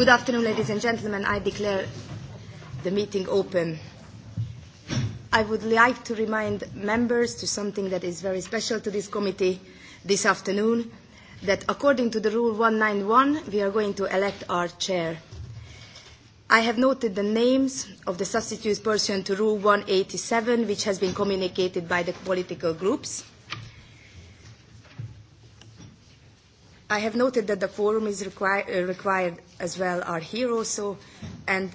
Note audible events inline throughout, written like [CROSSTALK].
Good afternoon, ladies and gentlemen. I declare the meeting open. I would like to remind members to something that is very special to this committee this afternoon, that according to the rule 191, we are going to elect our chair. I have noted the names of the substitutes pursuant to Rule 187, which has been communicated by the political groups. I have noted that the forum is require, uh, required as well are here also, and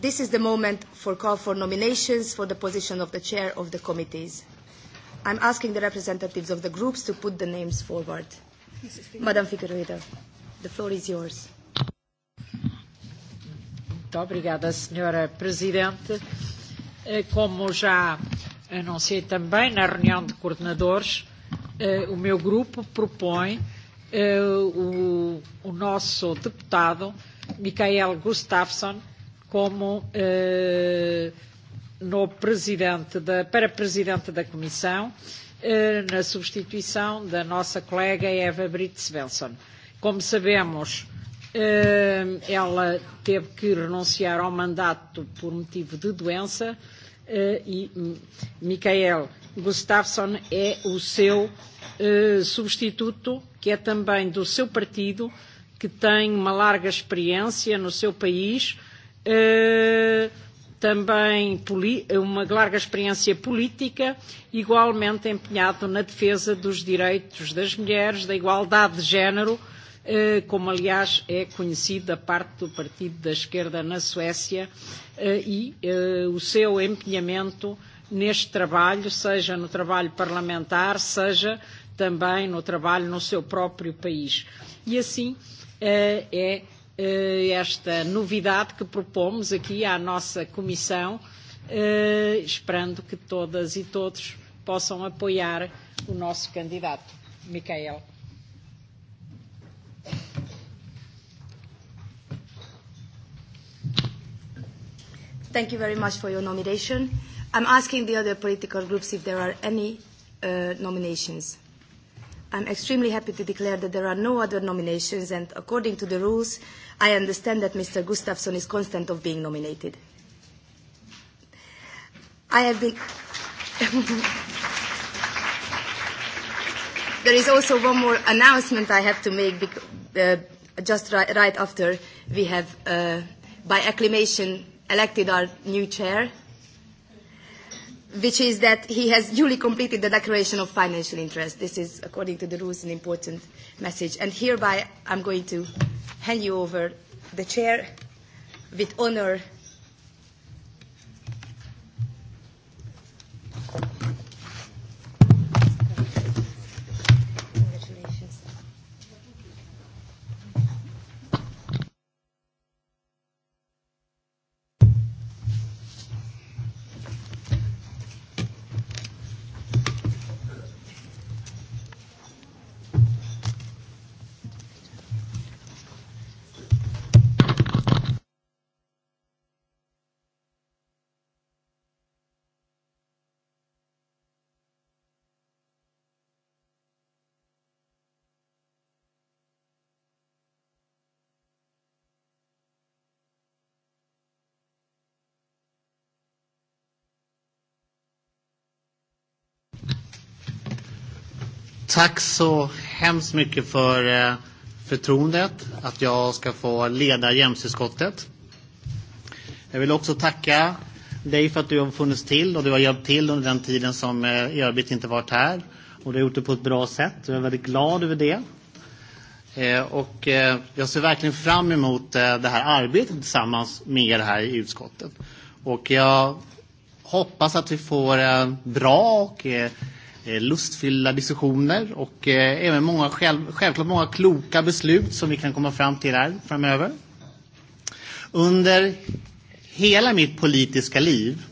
this is the moment for call for nominations for the position of the chair of the committees. I'm asking the representatives of the groups to put the names forward. Madam Figueiredo, the floor is yours. Muito obrigada, Senhora Presidente. Eh, como já anunciei também na reunião de coordenadores, eh, o meu grupo propõe uh, o, o nosso deputado Mikael Gustafsson como uh, no presidente da, para presidente da Comissão uh, na substituição da nossa colega Eva Britt Svensson. Como sabemos, uh, ela teve que renunciar ao mandato por motivo de doença uh, e Michael Gustafsson é o seu e, substituto, que é também do seu partido, que tem uma larga experiência no seu país, e, também uma larga experiência política, igualmente empenhado na defesa dos direitos das mulheres, da igualdade de género Eh, como aliás é conhecida parte do Partido da Esquerda na Suécia, eh, e eh, o seu empenhamento neste trabalho, seja no trabalho parlamentar, seja também no trabalho no seu próprio país. E assim é esta novidade que propomos aqui à nossa Comissão, esperando que todas e todos possam apoiar o nosso candidato, Micael Thank you very much for your nomination. I'm asking the other political groups if there are any uh, nominations. I'm extremely happy to declare that there are no other nominations, and according to the rules, I understand that Mr. Gustafsson is constant of being nominated. I have been... [LAUGHS] there is also one more announcement I have to make uh, just right, right after we have, uh, by acclamation, elected our new chair, which is that he has duly completed the declaration of financial interest. This is, according to the rules, an important message. And hereby, I'm going to hand you over the chair with honor Tack så hemskt mycket för eh, förtroendet att jag ska få leda jämställdhetsutskottet. Jag vill också tacka dig för att du har funnits till och du har hjälpt till under den tiden som eh, i inte varit här. Och du har gjort det på ett bra sätt. Jag är väldigt glad över det. Eh, och jag ser verkligen fram emot det här arbetet tillsammans med er här i utskottet. Och jag hoppas att vi får bra och Eh, lustfyllda diskussioner och eh, även många, själv, självklart många kloka beslut som vi kan komma fram till här framöver. Under hela mitt politiska liv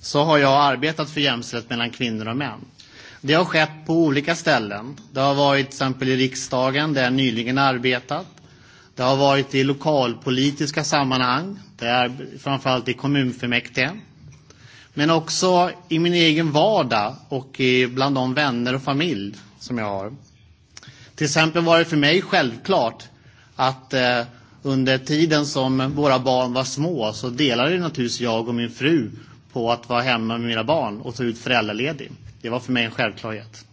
så har jag arbetat för jämställdhet mellan kvinnor och män. Det har skett på olika ställen. Det har varit till exempel i riksdagen där jag nyligen arbetat. Det har varit i lokalpolitiska sammanhang, där, framförallt i kommunfullmäktige. Men också i min egen vardag och i, bland de vänner och familj som jag har. Till exempel var det för mig självklart att eh, under tiden som våra barn var små så delade naturligtvis jag och min fru på att vara hemma med mina barn och ta ut föräldraledig. Det var för mig en självklarhet.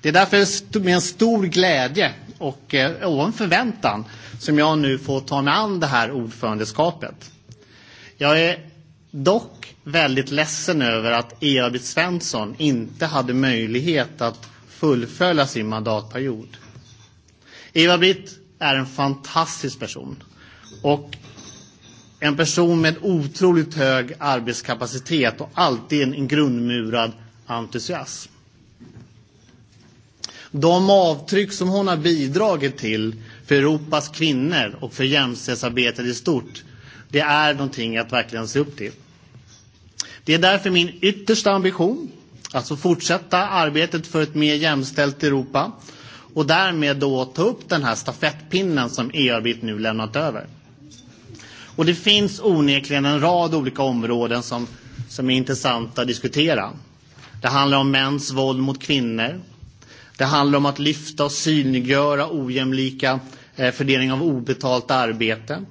Det är därför med en stor glädje och, och eh, en förväntan som jag nu får ta mig an det här ordförandeskapet. Jag är dock väldigt ledsen över att e Svensson inte hade möjlighet att fullfölja sin mandatperiod. Eva-Britt är en fantastisk person och en person med otroligt hög arbetskapacitet och alltid en, en grundmurad entusiasm. De avtryck som hon har bidragit till för Europas kvinnor och för jämställdhetsarbetet i stort det är någonting att verkligen se upp till. Det är därför min yttersta ambition att fortsätta arbetet för ett mer jämställt Europa och därmed då ta upp den här stafettpinnen som EU-arbetet nu lämnat över. Och det finns onekligen en rad olika områden som, som är intressanta att diskutera. Det handlar om mäns våld mot kvinnor. Det handlar om att lyfta och synliggöra ojämlika eh, fördelning av obetalt arbete.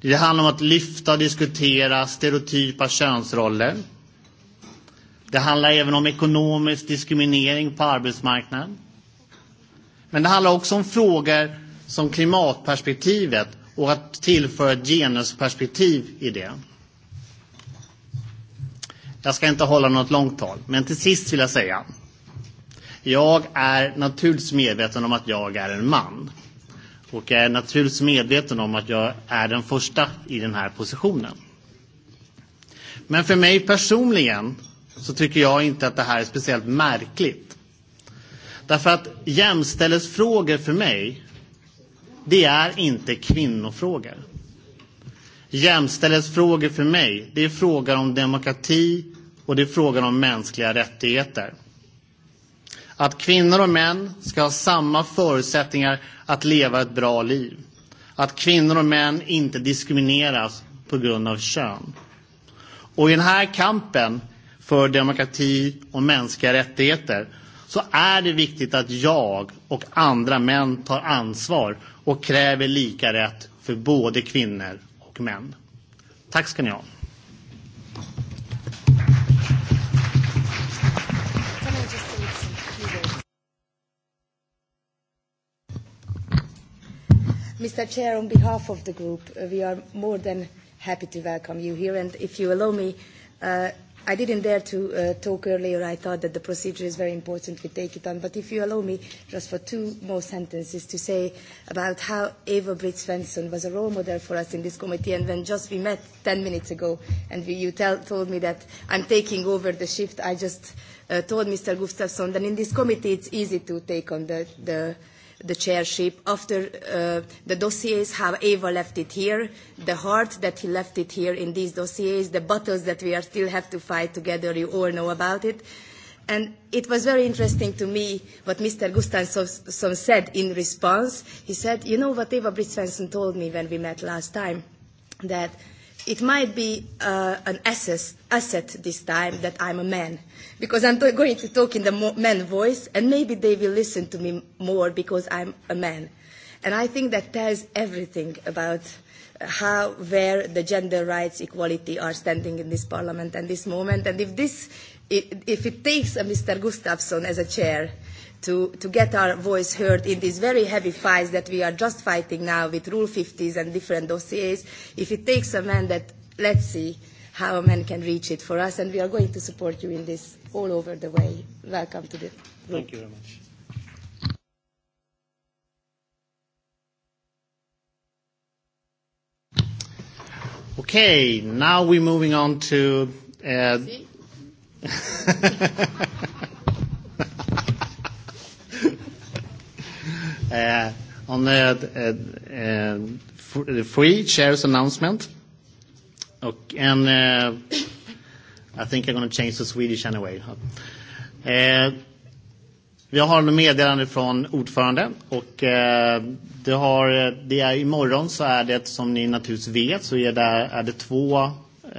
Det handlar om att lyfta och diskutera stereotypa könsroller. Det handlar även om ekonomisk diskriminering på arbetsmarknaden. Men det handlar också om frågor som klimatperspektivet och att tillföra ett genusperspektiv i det. Jag ska inte hålla något långt tal, men till sist vill jag säga. Jag är naturligtvis medveten om att jag är en man. Och jag är naturligtvis medveten om att jag är den första i den här positionen. Men för mig personligen så tycker jag inte att det här är speciellt märkligt. Därför att jämställdhetsfrågor för mig, det är inte kvinnofrågor. Jämställdhetsfrågor för mig, det är frågan om demokrati och det är frågan om mänskliga rättigheter. Att kvinnor och män ska ha samma förutsättningar att leva ett bra liv. Att kvinnor och män inte diskrimineras på grund av kön. Och i den här kampen för demokrati och mänskliga rättigheter så är det viktigt att jag och andra män tar ansvar och kräver lika rätt för både kvinnor och män. Tack ska ni ha. Mr. Chair, on behalf of the group, uh, we are more than happy to welcome you here. And if you allow me, uh, I didn't dare to uh, talk earlier. I thought that the procedure is very important. We take it on. But if you allow me, just for two more sentences, to say about how Eva Britt Svensson was a role model for us in this committee. And when just we met 10 minutes ago, and we, you tell, told me that I'm taking over the shift, I just uh, told Mr. Gustafsson that in this committee it's easy to take on the, the – the chairship after uh, the dossiers, how Eva left it here, the heart that he left it here in these dossiers, the battles that we are still have to fight together, you all know about it. And it was very interesting to me what Mr. Gustafsson said in response. He said, you know what Eva Britt told me when we met last time, that it might be uh, an asses, asset this time that I'm a man, because I'm t- going to talk in the mo- man voice, and maybe they will listen to me more because I'm a man. And I think that tells everything about uh, how, where the gender rights equality are standing in this parliament and this moment. And if this if it takes a Mr. Gustafsson as a chair to, to get our voice heard in these very heavy fights that we are just fighting now with Rule 50s and different dossiers, if it takes a man that, let's see how a man can reach it for us, and we are going to support you in this all over the way. Welcome to the group. Thank you very much. Okay, now we're moving on to uh, on [LAUGHS] eh, er the eh, free shares announcement, okay, and eh, I think I'm going change to Swedish anyway. Uh, vi har en meddelande från ordförande och det, har, det är imorgon så är det som ni naturligtvis vet så är det två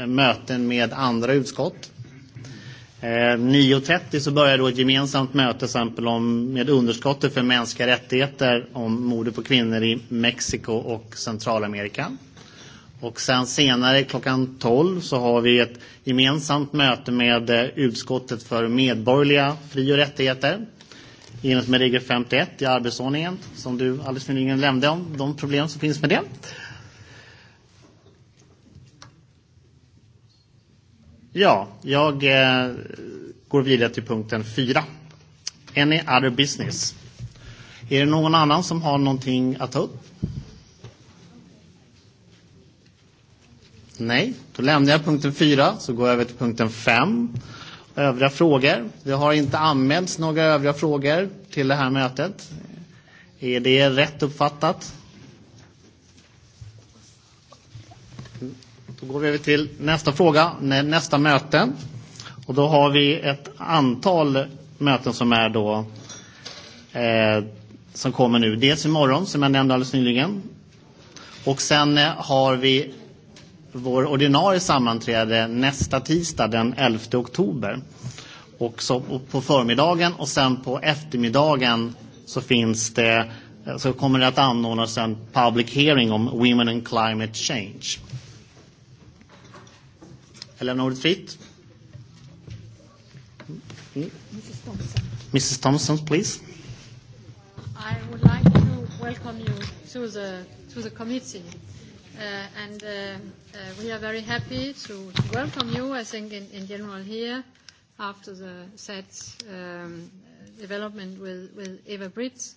möten med andra utskott 9.30 eh, så börjar då ett gemensamt möte exempel om, med underskottet för mänskliga rättigheter om mordet på kvinnor i Mexiko och Centralamerika. Och sen senare klockan 12 så har vi ett gemensamt möte med eh, utskottet för medborgerliga fri och rättigheter enligt med regel 51 i arbetsordningen som du alldeles nyligen nämnde om de problem som finns med det. Ja, jag eh, går vidare till punkten fyra. Any other business? Är det någon annan som har någonting att ta upp? Nej, då lämnar jag punkten fyra så går jag över till punkten fem. Övriga frågor? Det har inte anmälts några övriga frågor till det här mötet. Är det rätt uppfattat? Då går vi över till nästa fråga, nästa möte. Och då har vi ett antal möten som är då eh, som kommer nu. Dels imorgon, som jag nämnde alldeles nyligen. Och sen eh, har vi vår ordinarie sammanträde nästa tisdag den 11 oktober. Och så på förmiddagen och sen på eftermiddagen så finns det eh, så kommer det att anordnas en public hearing om Women and Climate Change. Jag lämnar ordet fritt. Mm. Mrs Thompson. please. I would like to welcome you to the, to the committee. Uh, and uh, uh, we are very happy to, to welcome you, I think, in, in general here after the set um, development with, with Eva Britt.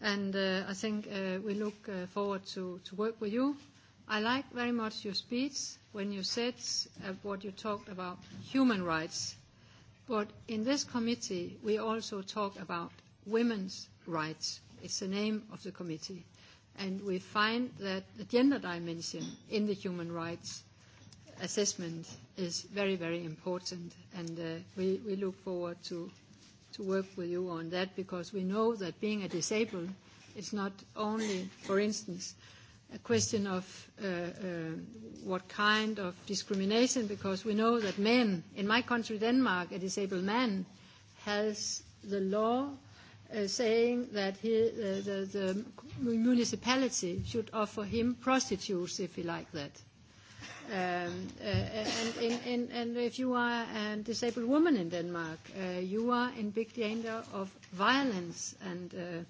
And uh, I think uh, we look uh, forward to, to work with you. I like very much your speech when you said uh, what you talked about human rights. But in this committee, we also talk about women's rights. It's the name of the committee. And we find that the gender dimension in the human rights assessment is very, very important. And uh, we, we look forward to, to work with you on that because we know that being a disabled is not only, for instance, a question of uh, uh, what kind of discrimination, because we know that men, in my country, Denmark, a disabled man has the law uh, saying that he, the, the, the municipality should offer him prostitutes if he like that. Um, uh, and, and, and, and if you are a disabled woman in Denmark, uh, you are in big danger of violence and uh,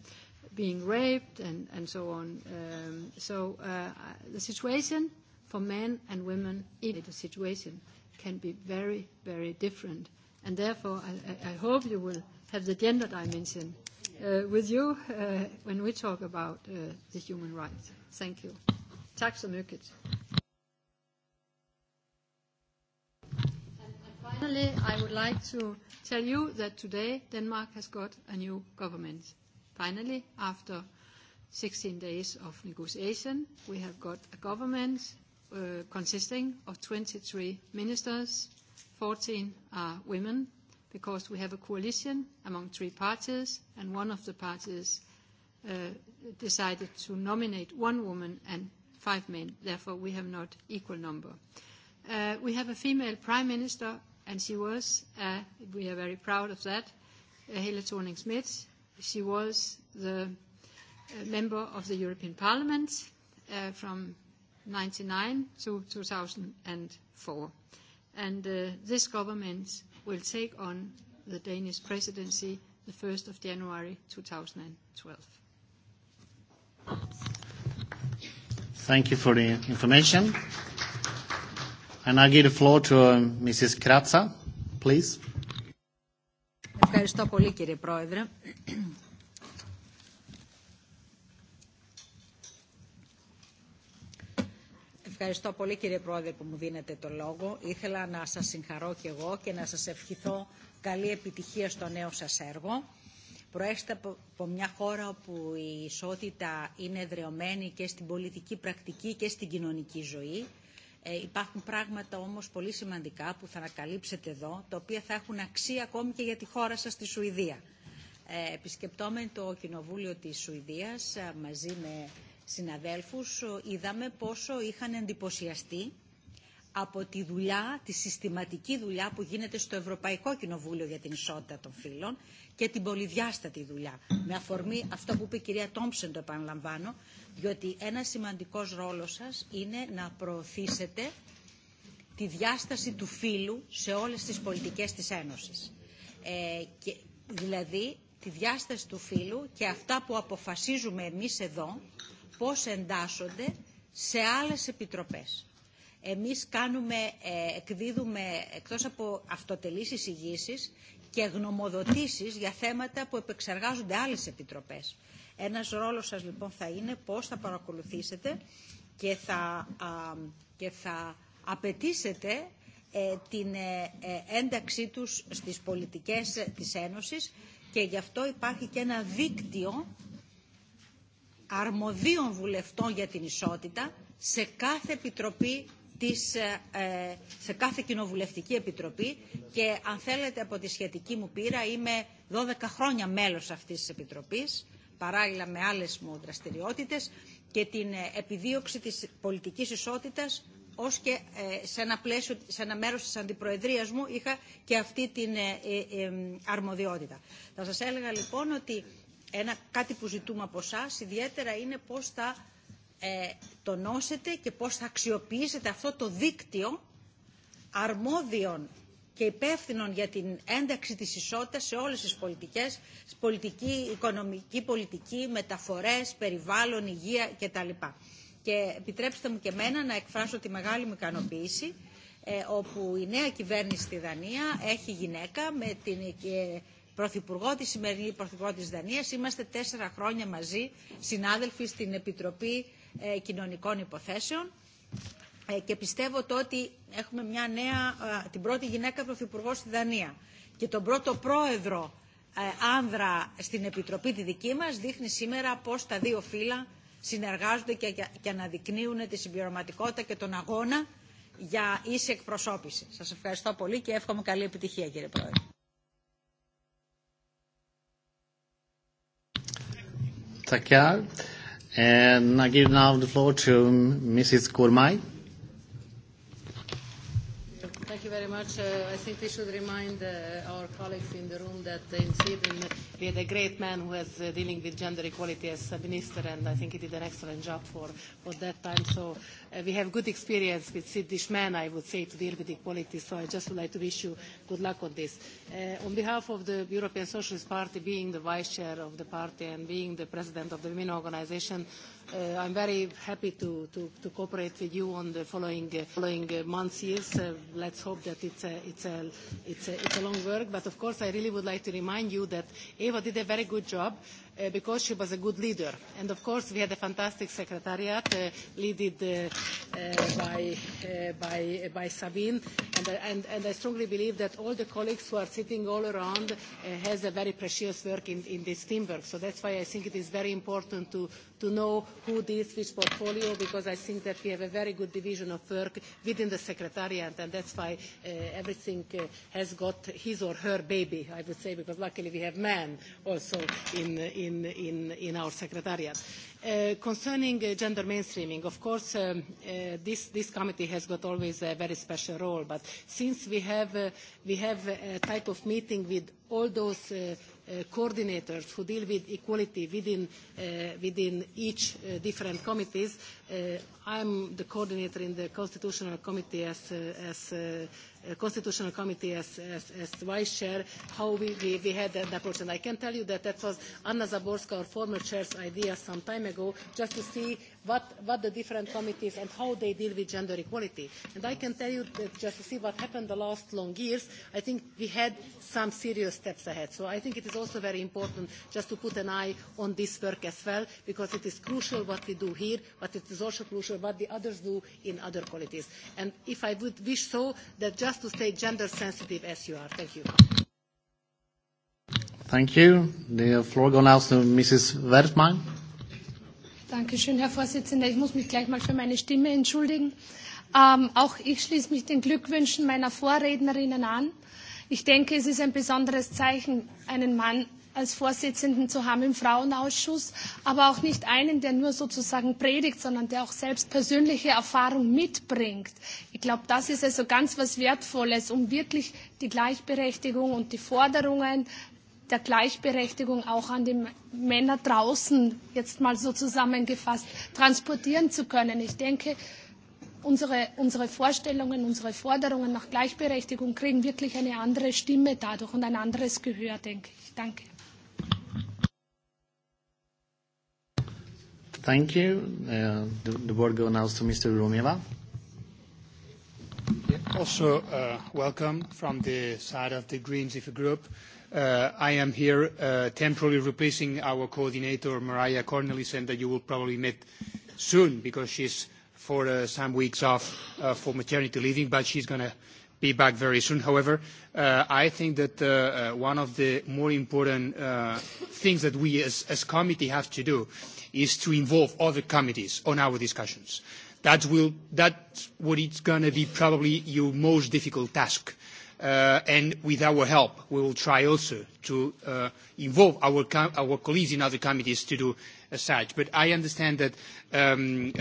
being raped and, and so on. Um, so uh, the situation for men and women, in the situation, can be very, very different. And therefore, I, I I hope you will have the gender dimension uh, with you uh, when we talk about uh, the human rights. Thank you. Tak så mycket. Finally, I would like to tell you that today Denmark has got a new government. Finally, after 16 days of negotiation, we have got a government uh, consisting of 23 ministers, 14 are women, because we have a coalition among three parties, and one of the parties uh, decided to nominate one woman and five men. Therefore, we have not equal number. Uh, we have a female prime minister, and she was, uh, we are very proud of that, uh, Helle thorning Smith. She was the uh, member of the European Parliament uh, from 1999 to 2004. And uh, this government will take on the Danish presidency the 1st of January 2012. Thank you for the information. And I give the floor to uh, um, Mrs. Kratza, please. Ευχαριστώ πολύ κύριε Πρόεδρε. Ευχαριστώ πολύ κύριε Πρόεδρε που μου δίνετε το λόγο. Ήθελα να σας συγχαρώ και εγώ και να σας ευχηθώ καλή επιτυχία στο νέο σας έργο. Προέρχεστε από μια χώρα όπου η ισότητα είναι εδρεωμένη και στην πολιτική πρακτική και στην κοινωνική ζωή. Ε, υπάρχουν πράγματα όμως πολύ σημαντικά που θα ανακαλύψετε εδώ, τα οποία θα έχουν αξία ακόμη και για τη χώρα σας, τη Σουηδία. Ε, επισκεπτόμενοι το Κοινοβούλιο της Σουηδίας μαζί με συναδέλφους είδαμε πόσο είχαν εντυπωσιαστεί από τη δουλειά, τη συστηματική δουλειά που γίνεται στο Ευρωπαϊκό Κοινοβούλιο για την Ισότητα των Φύλων και την πολυδιάστατη δουλειά. Με αφορμή αυτό που είπε η κυρία Τόμψεν το επαναλαμβάνω, διότι ένα σημαντικός ρόλος σας είναι να προωθήσετε τη διάσταση του φύλου σε όλες τις πολιτικές της Ένωσης. Ε, και, δηλαδή τη διάσταση του φύλου και αυτά που αποφασίζουμε εμείς εδώ πώς εντάσσονται σε άλλες επιτροπές. Εμείς κάνουμε, εκδίδουμε εκτός από αυτοτελείς εισηγήσεις και γνωμοδοτήσεις για θέματα που επεξεργάζονται άλλες επιτροπές. Ένας ρόλος σας λοιπόν θα είναι πώς θα παρακολουθήσετε και θα, α, και θα απαιτήσετε ε, την ε, ένταξή τους στις πολιτικές της Ένωσης και γι' αυτό υπάρχει και ένα δίκτυο αρμοδίων βουλευτών για την ισότητα σε κάθε επιτροπή της, ε, σε κάθε κοινοβουλευτική επιτροπή και αν θέλετε από τη σχετική μου πείρα είμαι 12 χρόνια μέλος αυτής της επιτροπής παράλληλα με άλλες μου δραστηριότητες και την επιδίωξη της πολιτικής ισότητας ως και ε, σε ένα, πλαίσιο, σε ένα μέρος της αντιπροεδρίας μου είχα και αυτή την ε, ε, αρμοδιότητα. Θα σας έλεγα λοιπόν ότι ένα, κάτι που ζητούμε από εσά, ιδιαίτερα είναι πώς θα ε, τονώσετε και πώς θα αξιοποιήσετε αυτό το δίκτυο αρμόδιων και υπεύθυνων για την ένταξη της ισότητας σε όλες τις πολιτικές, πολιτική, οικονομική πολιτική, μεταφορές, περιβάλλον, υγεία κτλ. Και επιτρέψτε μου και μένα να εκφράσω τη μεγάλη μου ικανοποίηση ε, όπου η νέα κυβέρνηση στη Δανία έχει γυναίκα με την ε, Πρωθυπουργό, τη σημερινή Πρωθυπουργό της Δανίας. Είμαστε τέσσερα χρόνια μαζί συνάδελφοι στην Επιτροπή ε, Κοινωνικών Υποθέσεων ε, και πιστεύω το ότι έχουμε μια νέα, ε, την πρώτη γυναίκα Πρωθυπουργό στη Δανία και τον πρώτο πρόεδρο ε, άνδρα στην Επιτροπή τη δική μας δείχνει σήμερα πώς τα δύο φύλλα συνεργάζονται και, και, και αναδεικνύουν τη συμπληρωματικότητα και τον αγώνα για ίση εκπροσώπηση. Σας ευχαριστώ πολύ και εύχομαι καλή επιτυχία κύριε Πρόεδρε. Tackar. And I give now the floor to Mrs. Gourmay. Thank you very much. Uh, I think we should remind uh, our colleagues in the room that in Sweden we had a great man who was uh, dealing with gender equality as a minister, and I think he did an excellent job for, for that time. So Uh, we have good experience with Swedish men, I would say, to deal with equality, so I just would like to wish you good luck on this. Uh, on behalf of the European Socialist Party, being the vice chair of the party and being the president of the women organization, uh, I'm very happy to, to, to cooperate with you on the following, uh, following uh, months, years. Uh, let's hope that it's a, it's, a, it's, a, it's a long work, but of course I really would like to remind you that Eva did a very good job. Uh, uh, because she was a good leader. And of course, we had a fantastic secretariat, uh, led uh, uh, by, uh, by, by, Sabine. And, and, and, I strongly believe that all the colleagues who are sitting all around uh, has a very precious work in, in this teamwork. So that's why I think it is very important to, to know who deals with portfolio because I think that we have a very good division of work within the Secretariat and that's why uh, everything uh, has got his or her baby, I would say, because luckily we have men also in, in, in, in our Secretariat. Uh, concerning uh, gender mainstreaming, of course, um, uh, this, this committee has got always a very special role, but since we have, uh, we have a type of meeting with all those uh, Uh, coordinators who deal with equality within, uh, within each uh, different committees. I am the coordinator in the Constitutional Committee as, as constitutional committee as, as, as, vice chair, how we, we, we had that approach. And I can tell you that that was Anna Zaborska, our former chair's idea some time ago, just to see what, what the different committees and how they deal with gender equality. And I can tell you that just to see what happened the last long years, I think we had some serious steps ahead. So I think it is also very important just to put an eye on this work as well, because it is crucial what we do here, but it is also crucial what the others do in other qualities. And if I would wish so, that just to stay gender sensitive as you are. Thank you. Thank you. The floor goes now to Mrs. Wertmann schön, Herr Vorsitzender. Ich muss mich gleich mal für meine Stimme entschuldigen. Ähm, auch ich schließe mich den Glückwünschen meiner Vorrednerinnen an. Ich denke, es ist ein besonderes Zeichen, einen Mann als Vorsitzenden zu haben im Frauenausschuss, aber auch nicht einen, der nur sozusagen predigt, sondern der auch selbst persönliche Erfahrung mitbringt. Ich glaube, das ist also ganz was Wertvolles, um wirklich die Gleichberechtigung und die Forderungen der Gleichberechtigung auch an die Männer draußen, jetzt mal so zusammengefasst, transportieren zu können. Ich denke, unsere, unsere Vorstellungen, unsere Forderungen nach Gleichberechtigung kriegen wirklich eine andere Stimme dadurch und ein anderes Gehör, denke ich. Danke. Thank you. Uh, the, the word goes now to Mr. Also, uh, welcome from the side of the Greens group. Uh, I am here uh, temporarily replacing our coordinator, Mariah Cornelissen, that you will probably meet soon because she's for uh, some weeks off for maternity leave, but she's gonna be back very soon. However, I think that one of the more important things that we as, committee have to do is to involve other committees on our discussions. That will, that's what it's gonna be probably your most difficult task Uh, and with our help, we will try also to uh, involve our, our colleagues in other committees to do as uh, such. But I understand that um,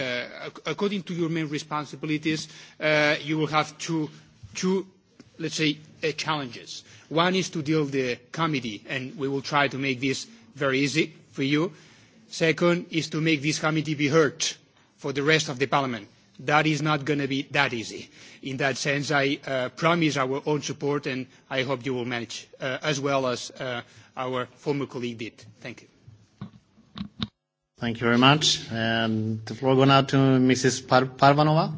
according to your main responsibilities, you will have two, two let's say, challenges. One is to deal the committee, and we will try to make this very easy for you. Second is to make this committee be heard for the rest of the parliament that is not going to be that easy. In that sense, I uh, promise our own support, and I hope you will manage uh, as well as uh, our former colleague did. Thank you. Thank you very much. And the floor goes now to Mrs. Par Parvanova.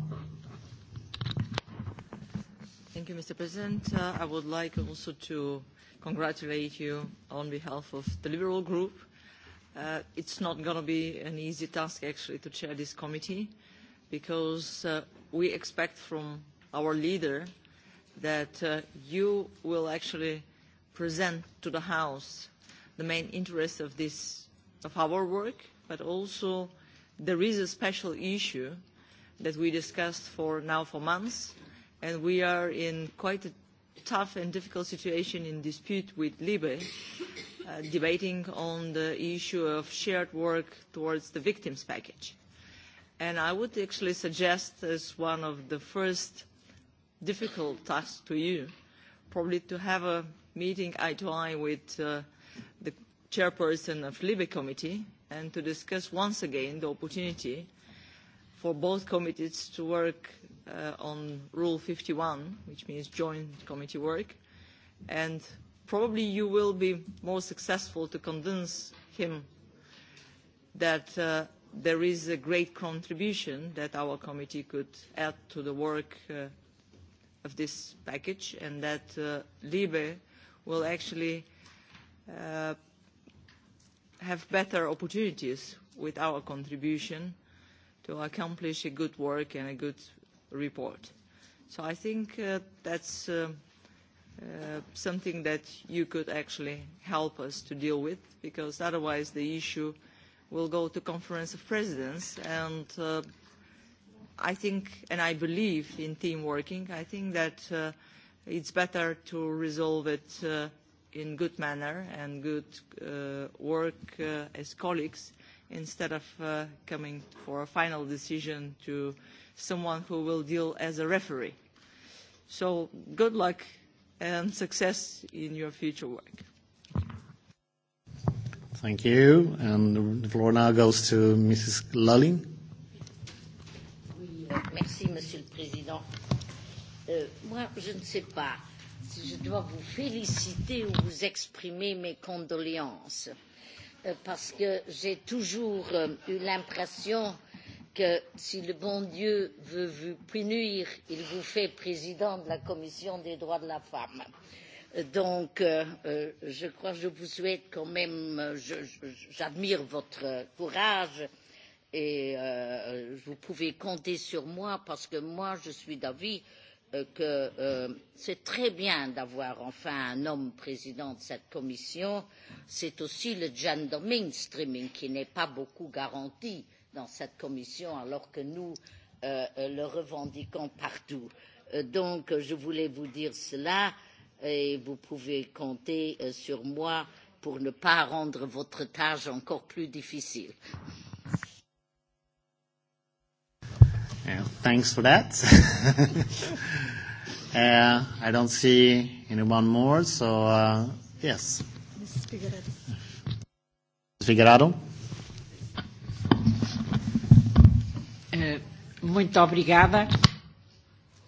Thank you, Mr. President. Uh, I would like also to congratulate you on behalf of the Liberal Group. Uh, it's not going to be an easy task, actually, to chair this committee because uh, we expect from our leader that uh, you will actually present to the House the main interest of, this, of our work, but also there is a special issue that we discussed for now for months, and we are in quite a tough and difficult situation in dispute with Libe, uh, debating on the issue of shared work towards the victims package And I would actually suggest as one of the first difficult tasks to you, probably to have a meeting eye to eye with uh, the chairperson of LIBE committee and to discuss once again the opportunity for both committees to work uh, on Rule fifty one, which means joint committee work. And probably you will be more successful to convince him that uh, there is a great contribution that our committee could add to the work uh, of this package and that uh, LIBE will actually uh, have better opportunities with our contribution to accomplish a good work and a good report. So I think uh, that's uh, uh, something that you could actually help us to deal with because otherwise the issue – will go to Conference of Presidents. And uh, I think, and I believe in team working, I think that uh, it's better to resolve it uh, in good manner and good uh, work uh, as colleagues instead of uh, coming for a final decision to someone who will deal as a referee. So good luck and success in your future work. Thank you. And the floor now goes to Mrs. Lulling. Oui, euh, merci, Monsieur le Président. Euh, moi, je ne sais pas si je dois vous féliciter ou vous exprimer mes condoléances, euh, parce que j'ai toujours euh, eu l'impression que si le bon Dieu veut vous punir, il vous fait président de la Commission des droits de la femme. Euh, donc euh, euh, je crois que je vous souhaite quand même euh, j'admire votre courage et euh, vous pouvez compter sur moi parce que moi je suis d'avis euh, que c'est très bien d'avoir enfin un homme président de cette commission c'est aussi le gender mainstreaming qui n'est pas beaucoup garanti dans cette commission alors que nous le revendiquons partout. donc je voulais vous dire cela et et vous pouvez compter euh, sur moi pour ne pas rendre votre tâche encore plus difficile. Yeah, thanks for that. [LAUGHS] uh, I don't see anyone more, so uh, yes. Mrs. Figueiredo. Mrs. Figueredo. Uh, muito obrigada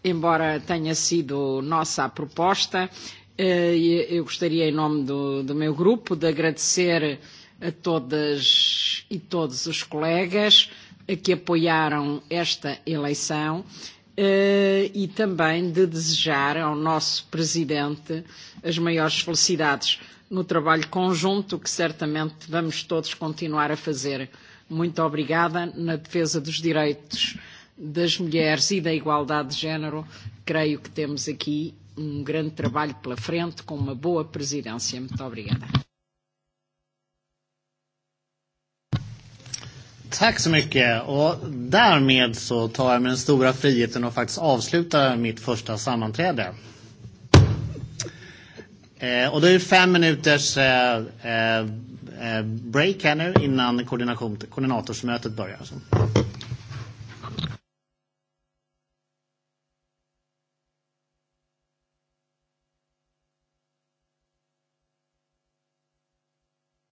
embora tenha sido nossa a proposta, eh, e eu gostaria, em nome do, do meu grupo, de agradecer a todas e todos os colegas eh, que apoiaram esta eleição eh, e também de desejar ao nosso presidente as maiores felicidades no trabalho conjunto que certamente vamos todos continuar a fazer. Muito obrigada na defesa dos direitos das mulheres e da igualdade de género, creio que temos aqui um grande trabalho pela frente com uma boa presidência. Muito obrigada. Tack så mycket. Och därmed så tar jag mig den stora friheten att faktiskt avsluta mitt första sammanträde. Eh, och det är fem minuters eh, eh, eh, break här nu innan koordinationsmötet börjar.